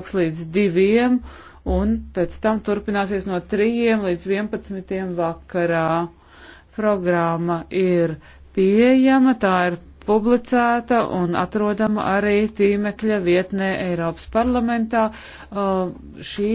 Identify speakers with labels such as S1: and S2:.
S1: ilgs līdz diviem, un pēc tam turpināsies no trījiem līdz vienpadsmitiem vakarā. Programma ir pieejama, tā ir publicēta un atrodama arī tīmekļa vietnē Eiropas parlamentā.
S2: Uh, šī